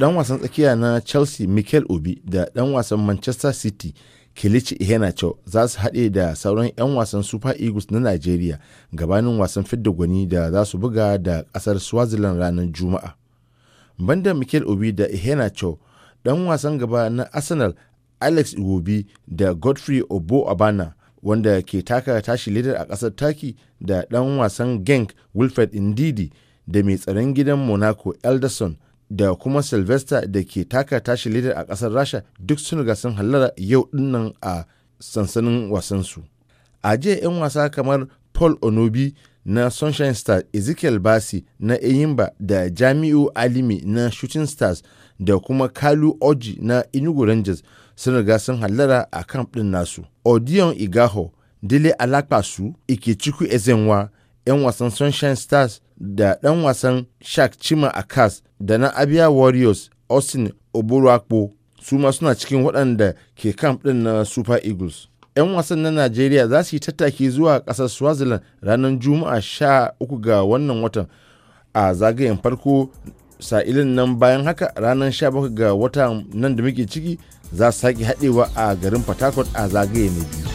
dan wasan tsakiya na chelsea mikel obi da dan wasan manchester city kelechi ihenacho za su haɗe da sauran 'yan wasan super eagles na nigeria gabanin wasan fidda gwani da za su buga da ƙasar swaziland ranar juma'a banda mikel obi da ihenacho dan wasan gaba na arsenal alex iwobi da godfrey obo abana wanda ke taka tashi leader a ƙasar taki da dan wasan genk wilfred indidi da mai tsaron gidan monaco elderson da kuma sylvester da ke taka tashi lidar a kasar rasha duk sun riga sun hallara yau dinnan a sansanin wasansu a jiya 'yan wasa kamar paul onobi na sunshine stars ezekiel basi na eyimba da jami'u alimi na shooting stars da kuma kalu oji na inugu rangers sun riga sun hallara a kamp ɗin nasu odion igaho dele alakpasu ikechukwu ezenwa 'yan wasan sunshine stars da ɗan wasan Shark Chima Akas da na Abia Warriors Austin Oburakpo su ma suna cikin waɗanda ke kamp ɗin na Super Eagles. 'Yan wasan na Najeriya za su yi tattaki zuwa ƙasar Swaziland ranar Juma'a 13 ga wannan watan a zagayen farko sa'ilin nan bayan haka ranar 17 ga watan nan da muke ciki za su sake haɗewa a garin Port a zagaye na biyu.